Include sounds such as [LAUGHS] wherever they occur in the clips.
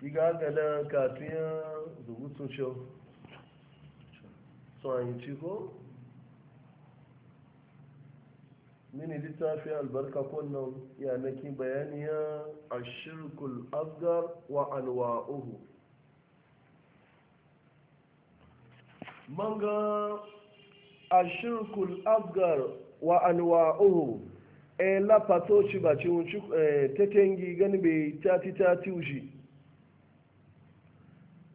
diga ganin katiyan rubutun cewa tsohon ciko mini littafin albarka kunnan yanaki bayaniya a shirkul asgar wa alwa'uhu manga a shirkul asgar wa alwa'uhu e ba ci wuce eh, tekengi gani bai tati tati wuce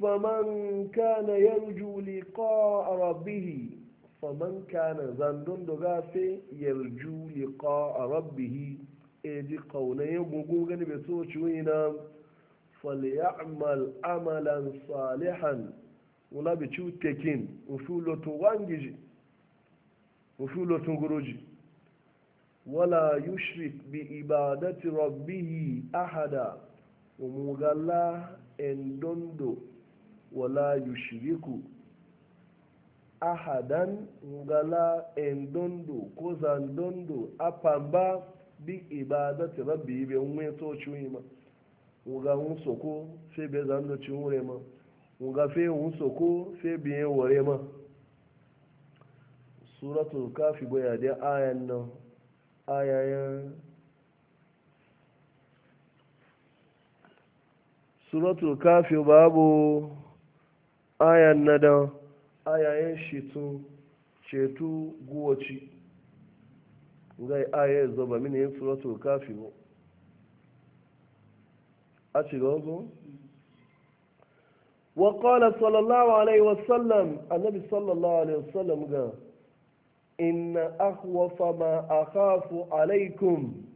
faman kana yarju liqa rabbih faman kana zandun doga fe yarju liqa rabbih e ji kaunaye gugu gani bai so ciwon ina falyamal amalan salihan wula bi ciw tekin ufulo guruji wala yushrik bi ibadati rabbih ahada umugalla endondo wala yushiriku ahadan ngala endondo ko zandondo apamba bi ibadati rabbi be nwe to chuima nga unsoko fe be zando chimure ma nga fe unsoko fe be wore ma suratul kafi boya da ayan nan ayayan suratul kafi babu ayan na da ayayen shetu shetu guwaci gai aya ya e e zoba mini yin e suratu kafi mu a ci ga ozu wa qala sallallahu alaihi wa sallam annabi sallallahu alaihi wa sallam ga inna akhwafa ma a kafu alaikum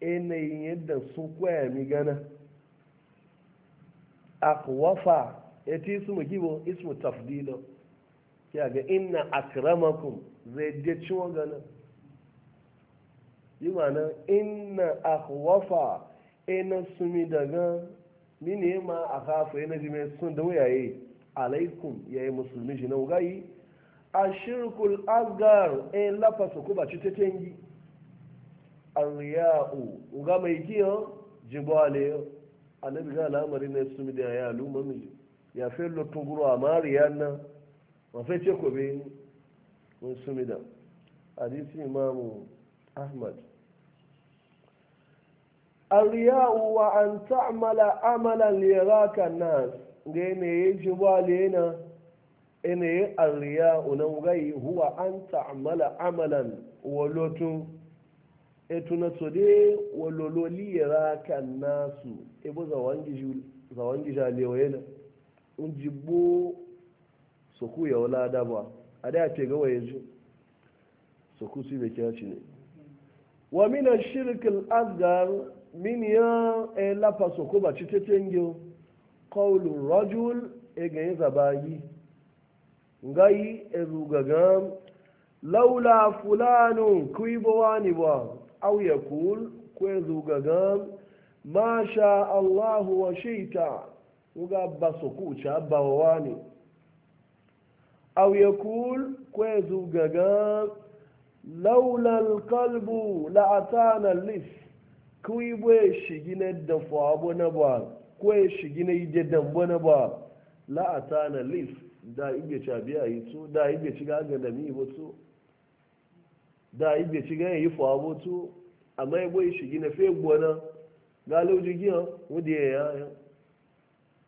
yanayin yadda sun kwaya mi gana akhwafa ya ti ismu gibo ismu tafdilo ya ga inna akramakum zai je ciwon ganin yi mana inna akwafa ina mi daga mini ma a kafa ina jime sun da wuyaye alaikum ya yi musulmi shi na wugayi a shirkul asgar in e lafasa ku ba cuta tengi an riya'u wuga mai kiyo jibale annabi ga al'amari na mi da ya lumami ya fi lotun guru a mariya nan mafi ce kobe mun sumi da hadisi imamu ahmad arriyahu wa an ta'amala amalan liraka nas ga ne yaji walena ene arriyahu nan gai huwa an ta'amala amalan walotu etuna sode walololi liraka nasu ebo zawangi zawangi jalewa yana njigbo soku ya wala daba a da ce gawa ya ji soku su ibe kya ci ne wa mina shirkin asgar min ya e lafa soku ba ci tete ngi qawlu rajul e ga zabayi ngai e rugagam laula fulanun kuibo wani ba aw yakul ko rugagam ma sha allahu wa ta. uga baso kucha bawani aw yakul kwezu gaga laula alqalbu la atana lis kuyi bwe shigine da fo na ba kwe shigine ide da na ba la atana lis da ibe chabiya yi tu da ibe chiga ga da mi boto da ibe chiga yi fo aboto amma ibo shigine fe gbona galu jigiya wudi ya ya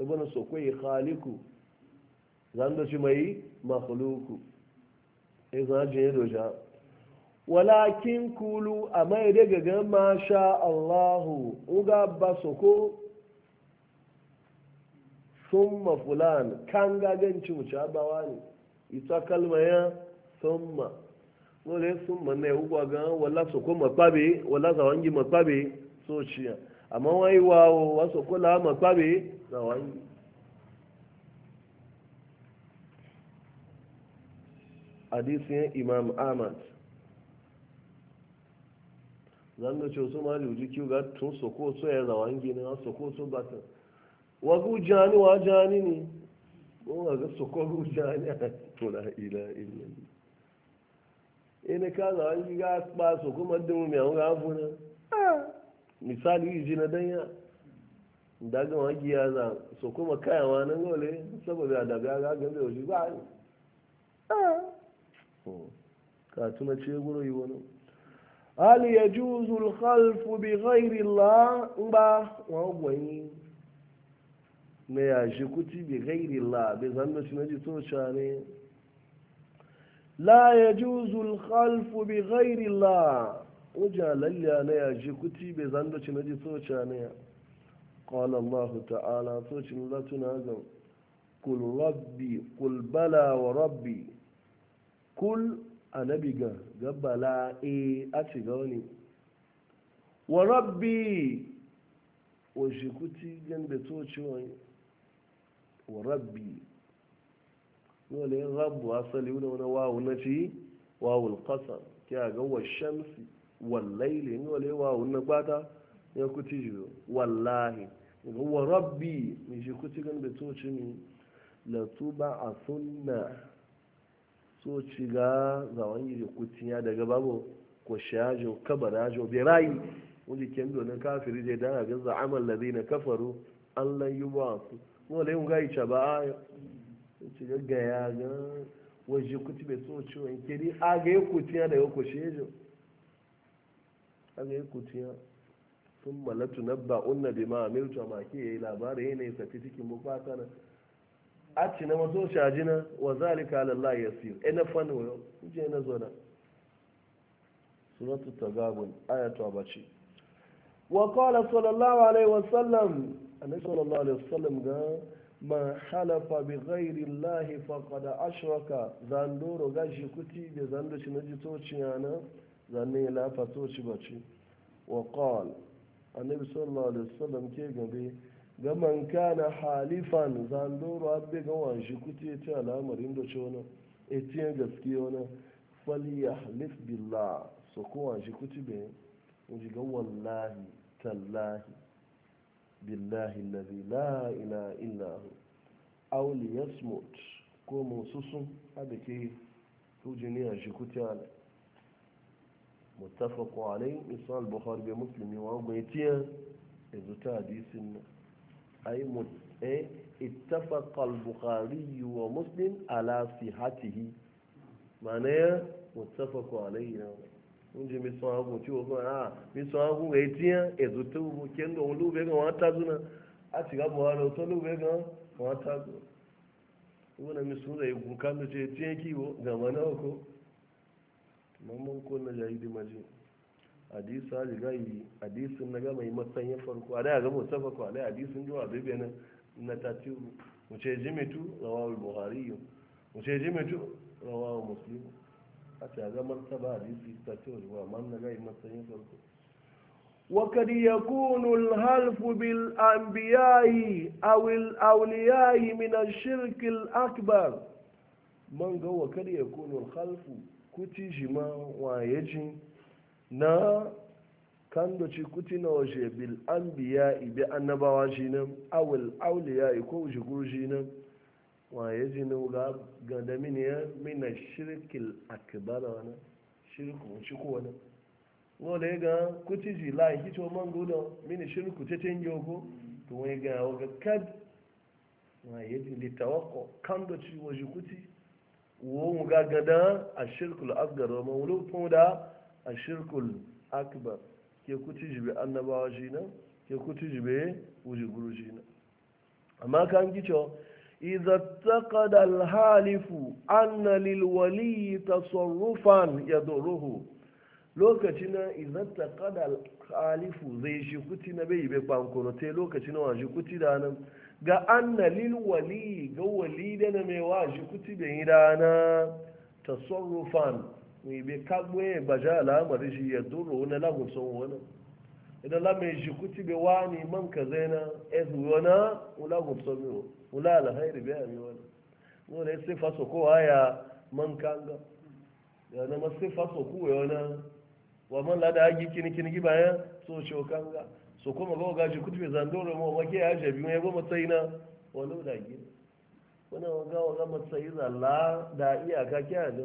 ibn sokwai khaliku zan da shi mai makhluku in eh, za jin yadda ja walakin kulu a mai daga ga masha Allahu uga ba soko summa fulan kan gaganci mu bawa ne ita kalma ya summa wale summa ne ugwa ga wala soko ma mapabe wala zawangi mapabe so ciya àmọ́ wọ́n yí o wọ́n sọ kó mọ̀ pàbí imam ahmad zanga ce wasu ma liuji soko so ya zawa soko so ba ta jani ne ko ga soko ru jani a ila ila ina ka zawa an gini ga kpa soko ma misali yi ji na danya daga wagi ya za su kuma kayawa nan gole saboda ya daga ga gan bai wuce ba A ah. hmm. ka tuna ce guro yi wani Ali ya juzu halfu bi ghairi la ba wa gwani na ya shi kuti bi ghairi la bi zanda shi na ji tocha ne la ya juzu halfu bi ghairi la wajen lalya na ya ji kuti bai zanda ci na ji soca na ya ƙwala allahu ta'ala soci na latuna zan kul rabbi kul bala wa rabbi kul anabi ga ga bala e a ci ga wani wa rabbi wa shi kuti gan da soci wani wa rabbi wani rabu asali wani wawu na ci wawul ƙasa ki a ga wa shamsi wallaili ni wale wa unna gbata ya kuti jiyo wallahi wa rabbi ni shi kuti gan da toci ni la tuba a sunna toci ga zawon yi kuti ya daga babu ko shajo jo bi rayi wani kendo na kafiri dai dan ga za amal na kafaru allan su. wale yi gai icha ba ayo ci ga ga ya ga waje kuti be toci wani kedi aga yi kuti ya daga ko shejo an yi kuciya sun malatu na ba'unna bi ma'amiltu a maki ya yi labari ya ne sati cikin bukata na a ci na mazo shaji na wa zalika lallah ya siyo e na fani wa yau je na zo na suratu tagabun ayatu abaci wa qala sallallahu alaihi wa sallam annabi sallallahu alaihi wa sallam ga ma halafa bi ghairi llahi faqad ashraka zandoro gashi kuti da zandoci shi na jitoci na zanni la fato ci bace wa qal annabi sallallahu alaihi wasallam ke gabe ga man kana halifan zan zandoro abbe ga wan shi kuce ta lamarin da cewa etiyan gaskiya ya falyahlif billah so kowa shi kuce be in ji ga wallahi tallahi billahi allazi la ilaha illa hu aw yasmut ko mususun abike hujini a shi kuce ne. muttafaqu alayhi misal bukhari be muslimi wa gwetiya izu ta hadisin ay mut eh ittafaqa al-bukhari wa muslim ala sihatihi mun ji misal a misal agun gwetiya izu ta bu kendo lu be ga a ci ga buhari to ko mun kunna jahidi maji hadisa ji gayi hadisin na gama yi matsayin farko a da ya zama musafa ko alai hadisin jiwa zai bi nan na tatiyu mu ce ji mai tu rawawar buhari yi mu ce ji mai tu musulmi a ta a ga martaba hadisi ta ce wani ba man na gayi matsayin farko wakadi ya kunu alhalfu bil ambiyayi awil auliyayi min ashirkil akbar man ga wakadi ya kunu alhalfu kuti jima ma waye ji na kandoci kuti na waje bil an biya ibi annabawa jinan nan awul auliya ko shi guru jinan waye ji na ga ganda mini ya mina shirkil akibara wani shirku shi ko wani wale ga kuti ji la yi to man gudu mini shirku ta canje ko to wai ga ga kad waye ji kando kandoci waje kuti mu gagada a shirkul asgar wa maulufin da a shirkul akbar ke kuti jibe annabawa shi nan ke kuti jibe wuji guru shi nan amma kan gicho إذا اعتقد الحالف أن zai تصرفا يضره لوكتنا إذا اعتقد الحالف زي شكوتنا بي بي بانكورتي لوكتنا وشكوتي دانا ga anna lil wali ga wali da na mai waji kuti bin idana tasarrufan mai bai kagbe gbaja al'amari shi ya duro na lagun son wani idan la mai shi kuti bai wani man ka zaina ezu yana ulagun son miyo ula alhairi bai ami wani wani sai faso ko haya man kanga ya na masu faso ko yana wa man lada agi kini kini bayan so shi kanga su kuma ga gashi kutube zandoro mu wake ya jabi mai goma matsayi na wani da wani waga waga matsayi zalla da iyaka kiya da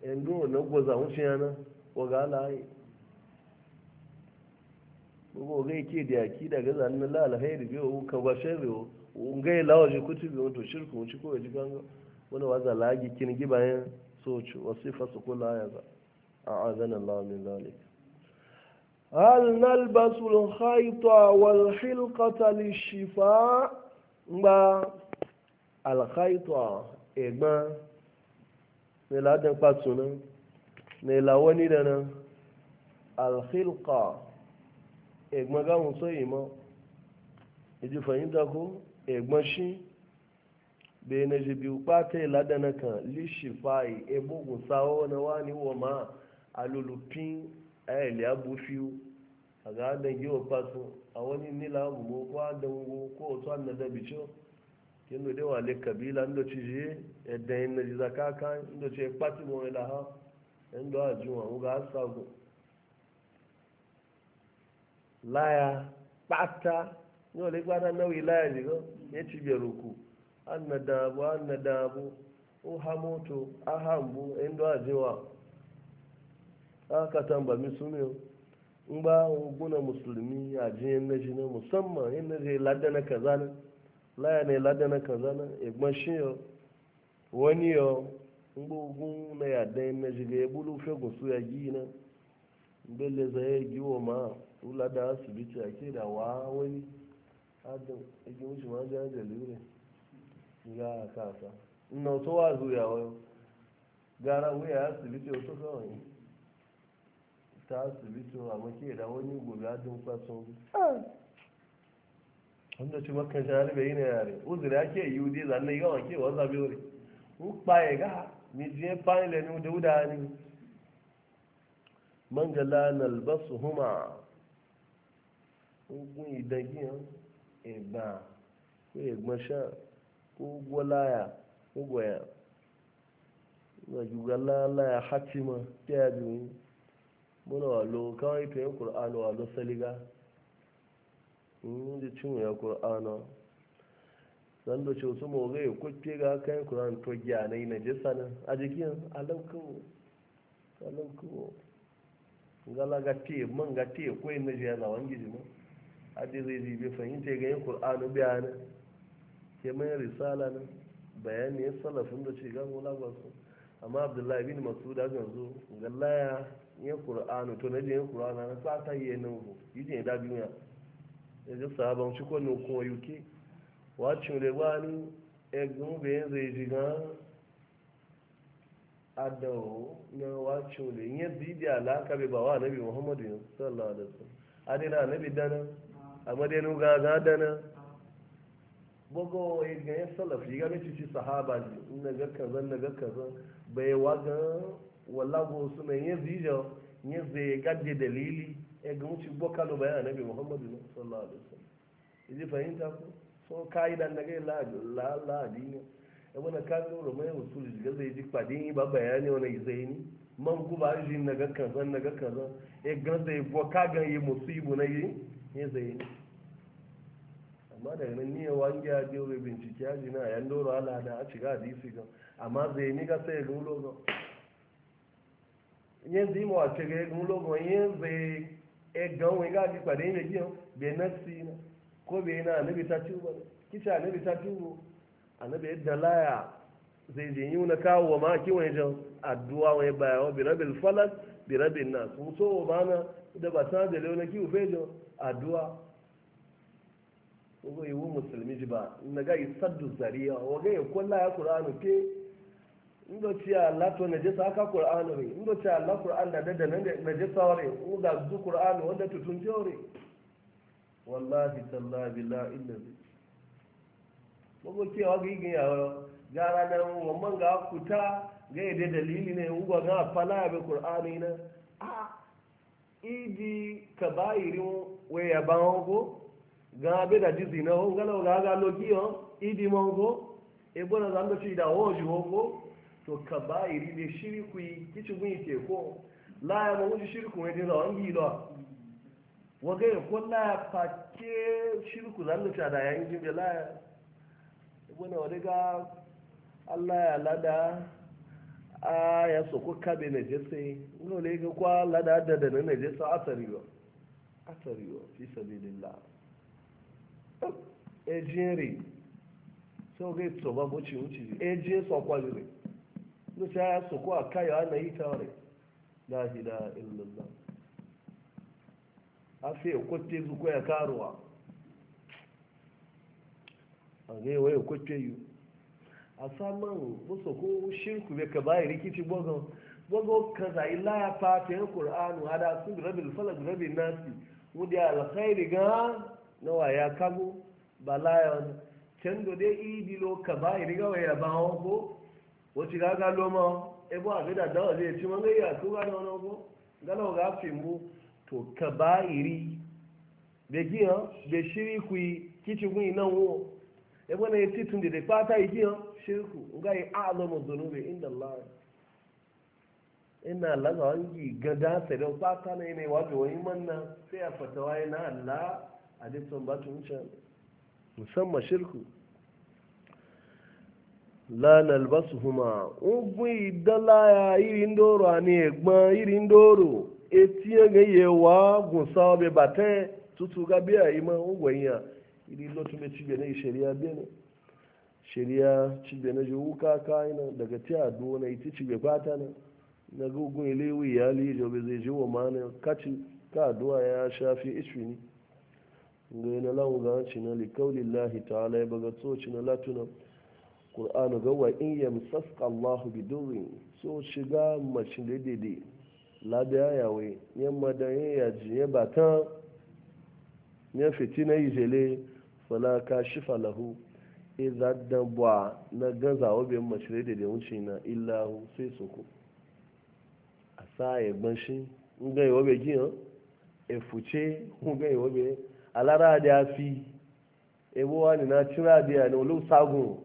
yanzu na goza wuce yana waga alaye gbogbo ga yake da yaki daga zanen lalahai da biyu ka ba shan biyu gai lawaje kutubi wato shirku wuce ko ji kanga wani waza lagi kini gibayen soci wasu fasa kula ya za a azanin lawamin hal nalbasul khayta wal hilqata lishifa ngba al khayta egba ne la dan patuna ne la dana al khilqa egba ga mun so yimo eji fahimta ko shi be na ji biyu pata kan e na wani a ga adan giwa fasu a wani nila gumo ko adan gugu ko otu an na da bicho kin do dewa le kabila ndo ci je edan yin na ji zaka kan ndo ci e pati mo e la ha e ndo ajuwa u ga sago laya kpata, ni o le gbada na wi laya ni go ye ci bi roku na da bu an na da bu ha moto a ha mbu ndo ajuwa aka tamba mi sumi o in ba guna musulmi a ji na jini musamman yin na jini ladda na kaza na laya ne ladda na kaza na igban shi yau wani yau in ba gun na yadda yin na jini ya bulu fegun su ya gi na bele zai gi wa ma ula asibiti a ke da wa wani adam igin wuce ma jan jalirai ya kasa ina to wa zuya wayo gara wuya asibiti wasu kawai ta asibitin a make da wani gobe adin fasun wanda ci makon shahar bai yi na yare uzuri ake yi wude zanne yi gawa ke wanzu abin wuri ukpa ya ga ni je fani da ni da wuda ni man gala na albasu huma ogun idagi yan eba ko egbon sha ko gwalaya ko gwaya na jugala ya hatima ta yabi muna walo kawai ta yin ƙur'anu walo saliga inda cin ya ƙur'anu don da ce su mawaga ya kwakke ga kayan ƙur'an to gyanai na jisa ne a jikin alankawo alankawo gala ga te man ga te koyi na jiya na wangi ma a ji zai ji bai fahimta ga yin biya ne ke mai risala bayani ya salafin da ce gan wula ba su amma abdullahi bin masu da gan zo gallaya nye qur'anu to na je qur'ana na sa ta yi na ubu yije da biya e je sahaba shi ko no ko yuke wa chule wani e gun be ze adawo na wa chule nye bibi alaka be bawa nabi muhammadu sallallahu alaihi wasallam adina nabi dana a ga ga dana gbogbo e ga salafi ga mi ci sahaba na ga kaza na ga kaza bai wa ga wallahi su mai yin zijo ya zai gadde dalili ya ga mutu boka lo bayan annabi muhammadu sallallahu alaihi wasallam fahimta ko so kai daga la la ya wani kaso da mai usuli shiga zai ji fadin ba bayani wani zai ni man na ga kaza na ga kaza ya ga zai ga musibu na yi zai ni amma daga nan ni wange ya je bincike ji na yan doro ala da a shiga hadisi ga amma zai ni ga sai ga yanzu yi mawace ga yagun logon yanzu ya gan wani gaji kwade yin yagiyo bai nafsi na ko bai na anabi ta tuba kica anabi ta tubo anabi yadda dalaya zai zai yi na kawo ma ki wani jan addu'a wani bayawa bi rabin falas bi rabin nas mun so wa bana da ba sana da leona kiwo fejo addu'a ko yi wu musulmi ji ba na ga yi saddu zariya wa ga ya kulla ya ke ndo ci Allah to na jesa ka Qur'an re ndo ci Allah Qur'an da da na na jesa re u ga zu Qur'an wanda tutun teore wallahi tallahi billahi illa bogo ci wa gi gi yawo gara da mu man ga kuta ga da dalili ne u ga ga fala be Qur'ani na a idi kabairin waya bango ga be da dizi na ho ga lo ga ga lo ki ho idi mongo e bona zando ci da hoji hongo to ka bayiri ne shirku yi kici gun yi ko la ma mawuji shirku wani dina wani gilo waga ya ko la ya fake shirku zan da cada yayin jimbe laya. ya wani wani ga allah ya lada a ya soko kabe na jese wani wani ga kwa lada da da na jesa a ba asari ba fi sabi lillah Ejere, ri sau ga yi tsoba bocin wuce ejiyar sokwa jirai da ta ya soko a yi na yi tare la ila illallah a fi kwatte ko ya karuwa a ne ya kwatte yu a saman musu ko shirku bai ka bayi rikici bogo bogo ka ya fata fatayen ƙur'anu hada sun rabin falak rabin nasi wadda alkhairi ga nawa ya kago balayon layan can dai idilo ka bayi rigawa ya bawo ko O wacce ga galo ma ebo a gada dawa zai ci man gayya ko gano wani ko gano ga fimbu to ka ba iri da giya da shiri ku yi kici kun yi nan wo ebo na yi titun da da fata yi giya shirku ga yi a'azamu zunube inda Allah ina laga wangi gada sadau pata na yi ne wajen wani manna sai a fatawa yana Allah a dukkan batun can musamman shirku lanal basu huma ugun idalaya iri ndoro ani egbon iri ndoro eti ege ye wa gun sa obe bate tutu ga bi ma ugun eyan iri lotu me cibe ne shari'a bene shari'a cibe ne ju ka ka ina daga kwata na ga ugun ilewi ya li jo be zai jiwo ma ne kaci ya shafi na lawu ta'ala ya baga latuna ƙur'anu ga wa in yamsaska Allahu bidurrin so shiga mace daidai labiya yawe yamma da yin yaji ya batan ya fiti na yi izele fala ka shifa lahu idan da ba na gaza wabe mace daidai wuce na illahu sai soko a sa ya gbanshi in ga yawabe giyan fuce in ga yawabe alara da ya fi ebowa ne na cira da ya ne olu sagun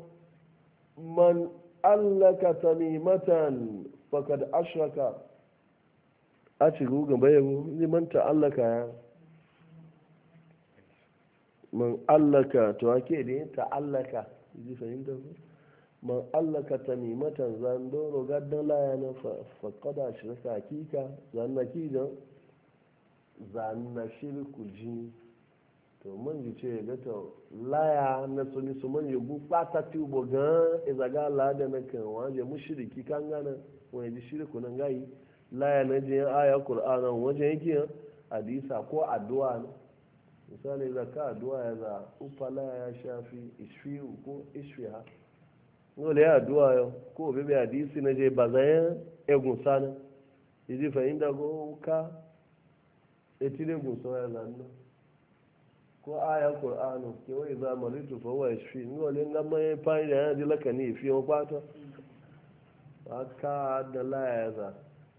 man allaka تميمة fakad ashraka a بيه gugun bayan liman ta'allaka ya man allaka to ake da ta'allaka zan fahimta ku man allaka tamimatan zandoro gadon layana hakika shirku jini to man ji ce ga ta laya na suni su man yagu fata ti ubo gan izaga e lada na kan waje mu shiriki kan gana wani ji shiriku nan gayi laya na jiyan aya qur'ana wajen yake hadisa ko addu'a misali da ka addu'a ya za upa laya ya shafi ishfiu ko ha dole ya addu'a yau ko be hadisi na je bazayan egun sana fa fahimta ko ka etile gun so ya zanna ko ayan qur'anu ke wai za maritu fa wa yashfi ni wale nan mai fani da yana dilaka ne fi wa kwata aka da laya za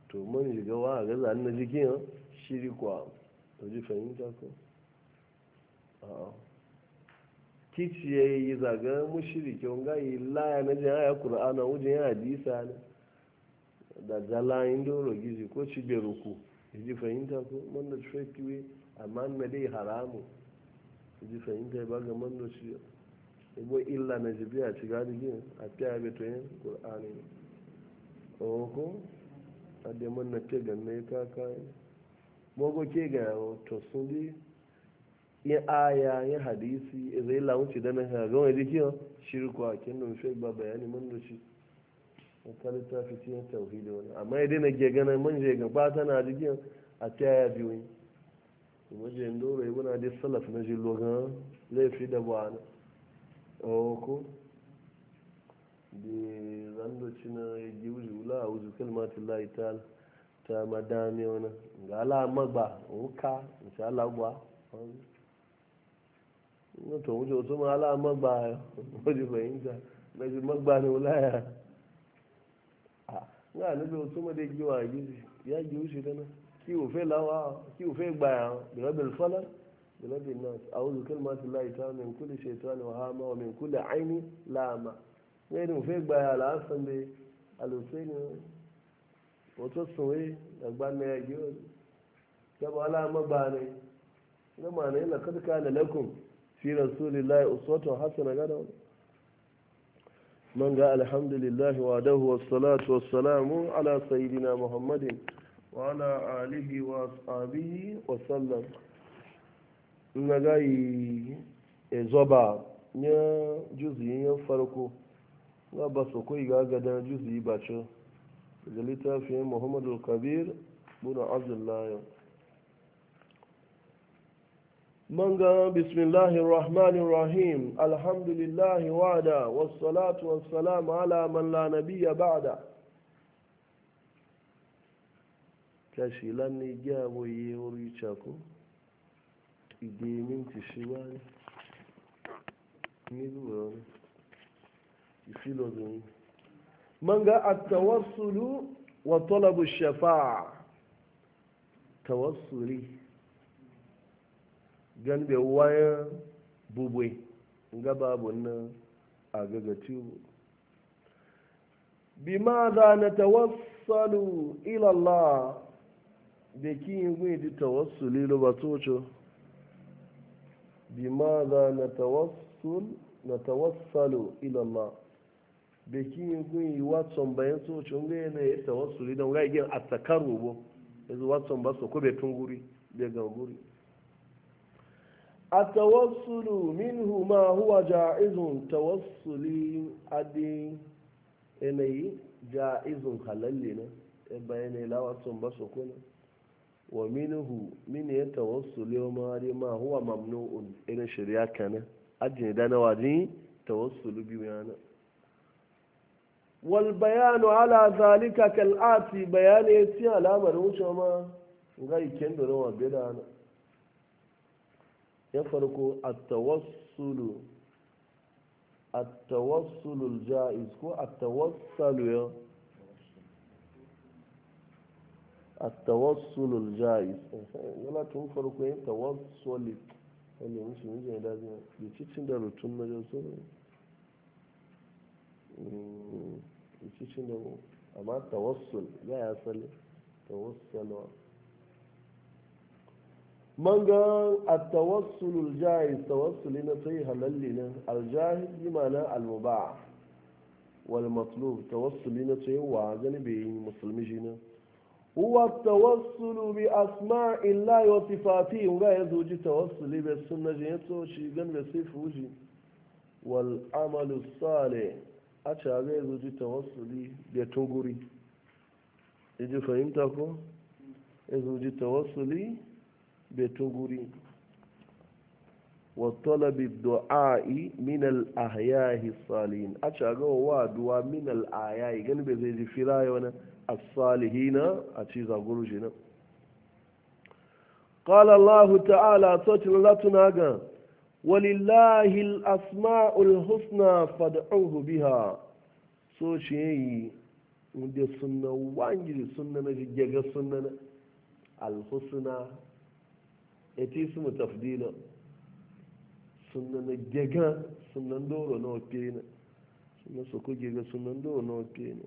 to mun ga wa ga zan na jikin shiri kwa to ji fahimta ko a'a kici ya yi zaga mushirike wanga yi laya na jin aya qur'ana wujin hadisa ne da zalayin doro gizi ko cibe ruku ji fahimta ko mun da shi kiwe amma na dai haramu ji fahimta ba ga man da shi ibo illa na jibi a ci gadi gini a fiya beto yin a ko a da man na ke ga na kaka kayan mogo ke ga to sun di yin aya yin hadisi zai launci da na ga wani jikin shirku a kin don shek ba bayani man da shi in ka fi cikin tauhidi wani amma ya dina ke ganin man je ga ba tana jikin a fiya biyu kuma jin doro yi muna salaf na jin logan laifi da ba na ko da na yagi wuji wula a wuji kalmatin la'ital ta madami wani ga ala magba nka nci ala gba wani to wuce wasu ma ala magba wajen [LAUGHS] fahimta na ji magba ne wulaya a ah, ga nabi wasu ma da giwa ya ta nan kí o fẹ́ láwa kí o fẹ́ gbà yàn bẹ̀rẹ̀ fọlá bẹ̀rẹ̀ náà àwọn olùkọ́ ma ti láyé tán ní kúlẹ̀ ṣe tán ní wàhálà máa mi kúlẹ̀ àìní láàmà wọ́n ní o fẹ́ gba yàn làásán bẹ àlùfẹ́ ni wọ́n tó sùn wí àgbà ní yìí ó jábọ̀ aláàmà bá a ní ní màá ní lọ́kọ́tù ká lẹ́lẹ́kùn fi rasulillahi uswatun hasana gada wani من قال الحمد لله وعده والصلاة والسلام على وعلى آله وأصحابه وسلم نغاي زبا يا جزئي يا فرقو لا بس كوي غاغدا جزئي باشا جليتا في محمد الكبير بن عبد الله منغا بسم الله الرحمن الرحيم الحمد لله وعدا والصلاة والسلام على من لا نبي بعده kashi lanni gyabo yi wuri cako idemin ti shi ba ne ni zuwa wani isilo zuni man ga a tawassulu wa talabu shafa'a tawassuli gan bai wayan bubwe ga babu na a gagati bi ma za na tawassalu ilallah da kiyin gwai tawasuli tawassul lo bi ma za na tawassul na tawassalu ila Allah da kiyin watson bayan tocho ngai na e ya tawassul idan ngai yanzu watson منه ما هو جائز توسل أدي إني جائز خللنا بين لا واتسون wa minuhu min ya tawassul yawma ma huwa mamnu'un ina shari'a kana ajiye da na wadi tawassul bi yana wal bayanu ala zalika kal ati bayani yati alamar wuce ma ngai kendo na ya farko at-tawassul at-tawassul al-ja'iz ko at-tawassul التوصل الجائز ولا تنفرق وين توصلك wanda musu mun jai da zai da cikin da rutun na jausu ne da cikin da amma tawassul ya ya sale tawassalwa man ga at-tawassulul jaiz tawassuli na sai halalli nan al-jahiz bi ma'ana al-mubah tawassuli na sai wa gani yi musulmi shi nan huwa tawassulu bi asma'illahi wa sifatihi nga yazo ji tawassuli be sunna je yato shi gan be sifu ji wal amalu salih a ca ga yazo ji tawassuli da tunguri yaji fahimta ko yazo ji tawassuli da tunguri wa talabi du'a'i min al ahyahi salihin a ca ga wa du'a min al ayayi gan be zai ji firayo na as-salihina a ci zaguru shi nan qala allah ta'ala tsotin latuna ga walillahi al-asma'ul husna fad'uhu biha so shi yi wanda sunna wangiri sunna na jiggaga sunna na al-husna etismu tafdila sunna na gaga sunan doro na ofe na sunna su kuge ga sunan doro na ofe na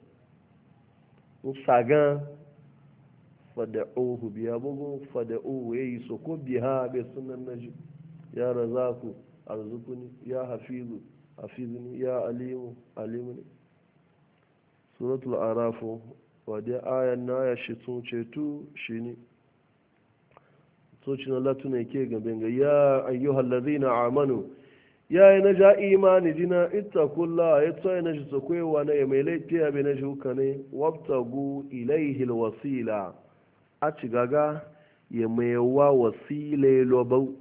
sagan fada'uhu biya bugun fada'uhu ya yi soko biya bai sunan naji ya razaku arzukuni ya hafizu Hafizu ne ya alimu Alimu alimuni suratul arafu wadda ayan na ya shi tun ceto shi ne tocin Allah tuna ke gaben ga ya na amanu ya yi na ja imani jina ita kula ya tsaye na shi sakwewa na ya mai laifi ya na shi huka ne wabtagu ilaihil wasila a cigaga ya mai wa wasile lobau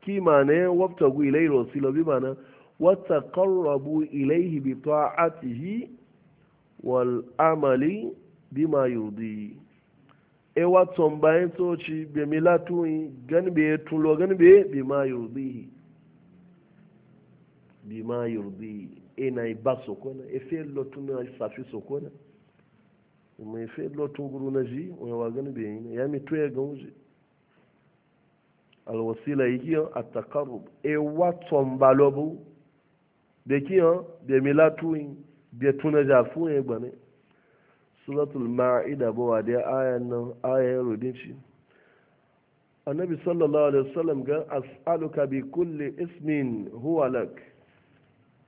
kima ne wabtagu ilaihil wasila bi mana wata karrabu ilaihi bi ta'atihi wal amali ma yurdi e waton bayan toci bi milatuin gan bi tulo gan be bima bima yurdi ena ba sokona efe yi safi sokona e fe efe lotun guru na ji wa be bayina ya yi ga uji alwasila yikiyo atakarrub e watson balobu de kiyo de milatuin de tuna jafu e gbane suratul ma'ida bo wa de ayan nan ayan e rodin shi annabi sallallahu alaihi wasallam ga as'aluka bi kulli ismin huwa lak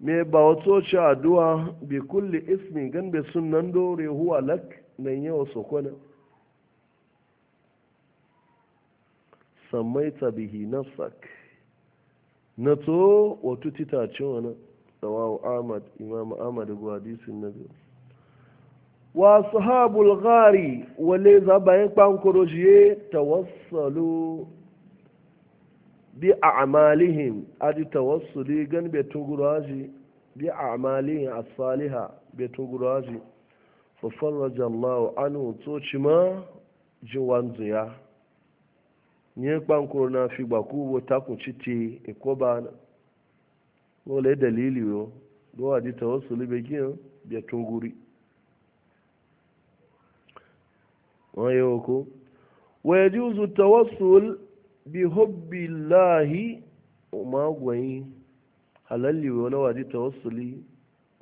me ba wato ci addu'a bi kulli ismi gan be sunnan dore huwa lak nan yawa sokona sammaita bihi nafsak na to wato titace wani tsawawo ahmad imam ahmad ga hadisin na biyu wa sahabul ghari wale za bayan kwankuro tawassalu bi a'malihim adi tawasuli gan be tunguraji bi a'malihim as-saliha be tunguraji fa farraja Allahu anhu to chima jiwanzu ya nye kpankuru na fi gbakubo takuchiti ikobana wole dalili yo do adi tawasuli be gin be tunguri wayo ko wa yajuzu bi hobbi lahi ma gwayi halalli wani waje tawassuli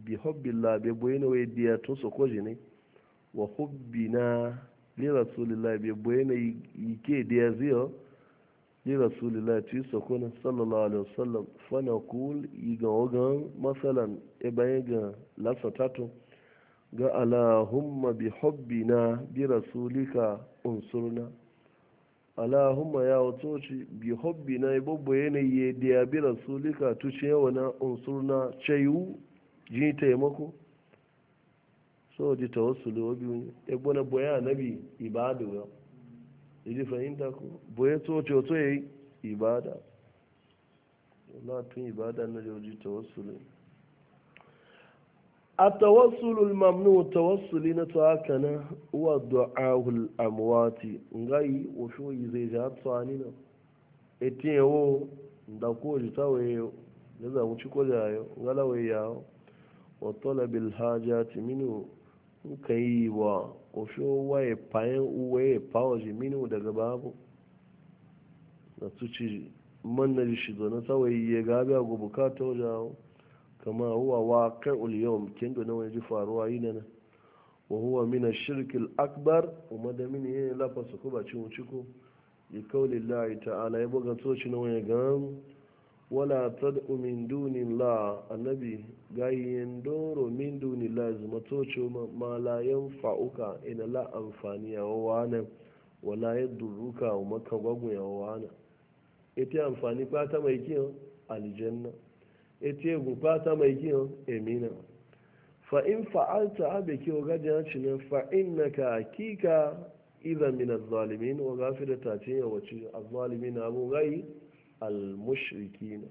bi hobbi lahi bai boye na wai diya tun su kwaje ne wa hobbi na li rasulillahi bai boye na yike diya ziyo li rasulillahi tu su kuna sallallahu alaihi wasallam fana kul igan ogan masalan e bayan ga lasa tatu ga alahumma bi hobbi na bi rasulika unsurna allahumma ya wato ci bi hobbi na ibobbo yanayi ya diya bi rasulika tuce yawa na unsur na ceyu ji taimako so ji tawassulu wa biyu ebo na boya nabi ibada ya ji fahimta ko boye to ce ya yi ibada Allah tun ibada na joji tawassulu التوسل الممنوع التوسل نتاكنا ودعاء الأموات غاي وشوي زي جات صانينا اتين هو ndako jitawe gaza mu ci kwajayo galawai yawo wa talabil hajati minu kai wa ofio waye payan uwaye pawaji minu daga babu da su ci manna shi zo na tawaye ya gabi a gubukata wajawo kama huwa waqi'ul yawm kendo na wani faruwa yi nan wa huwa min ash-shirk al-akbar kuma madamin ya ne lafa su ko bacin wuci ko li kauli llahi ta'ala ya buga toci na wani gan wala tad'u min dunillah annabi yin doro min dunillah zuma toci ma la yanfa'uka ina la amfani ya na wala yadurruka wa maka gwagwa wa na ita amfani ta mai kiyan aljanna ete egun pata mai giyan emina fa in fa'alta abe ki o gadi ci nan fa innaka hakika idan min az-zalimin wa gafira ta ce ya wace az-zalimin abu gai al-mushrikin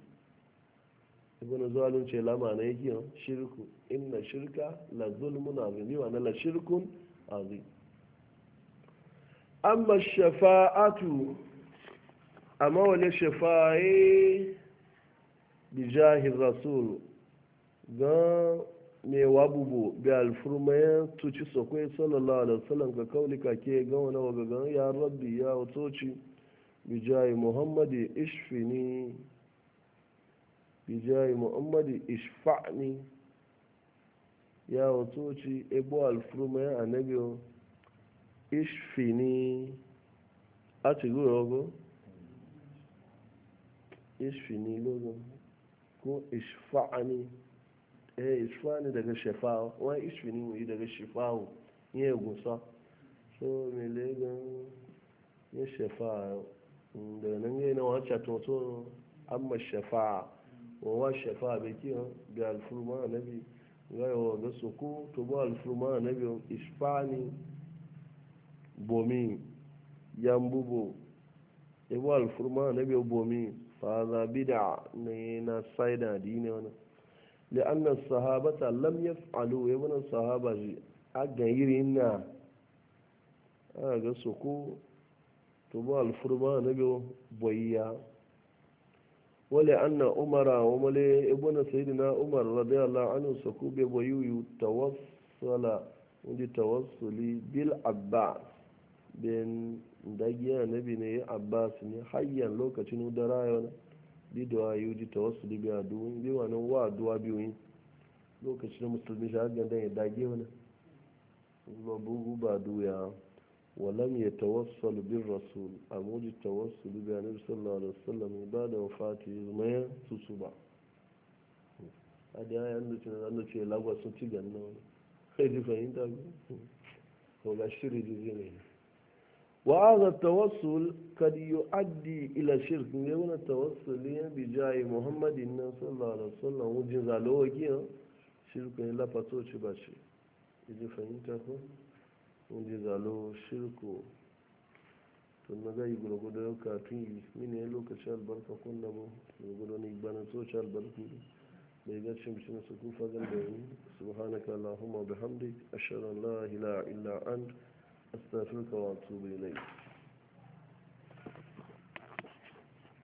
na zalun ce lama na yake shirku inna shirka la zulmun azim wa la shirkun azim amma shafa'atu amma wala shafa'i bijahi rasul ga mai wabubu bi alfurmayan tuci sakwai sallallahu alaihi wasallam ga kaulika ke ga wani waga ga ya rabbi ya watoci bijahi muhammadi ishfini bijahi muhammadi ishfa'ni ya watoci ebo alfurmayan annabiyo ishfini a ci gura ogo ishfini logo ko ishfa'ani eh ishfa'ani daga shafa'u wani ishfini mu daga shafa'u ya gusa so me legan ya shafa'u daga nan yana wacce toto amma shafa'a wa shafa'a bai kiyo ga alfurma annabi ga yawa ga soko to ba alfurma annabi ishfa'ani bomi yambubo ebo alfurma annabi bomi faza bid'a ne na saida dine wani li'anna sahabata lam yaf'alu ya wani sahaba ji a ganyiri na a ga su ko to ba alfurma na biyu boyiya wale anna umara wa male ibn sayyidina umar radiyallahu anhu su ko be boyu tawassala wani tawassuli bil abbas bin dagiya giya nabi ne ya abbas ne hayyan lokacin da rayuwa didowa yi uji ta wasu libi a duwun bi wani wa duwa biyu yi lokacin musulmi shi hagan dan ya dage wani bu ba duya walam ya tawassul bin rasul a muji tawassul bi a nabi sallallahu alaihi wasallam ba da wafati mai susu ba a da ya yanzu ce na ce lagos sun ci ganna wani sai ji fahimta ko ga shiri jirgin ne وهذا التوسل قد يؤدي الى الشرك يقول التوسل بجاه محمد صلى الله عليه وسلم وجن زالو كي شرك لا فاتو شباشي يجي فهمتكم وجن زالو شرك tun na zai gurgudu yau kafin yi mini ya lokaci albarka kun na bu gurgudu ne bana toci albarka ne mai gaci mutum su kufa zan da yi subhanaka allahumma bihamdik ashhadu an la ilaha illa anta أستغفرك وأتوب إليك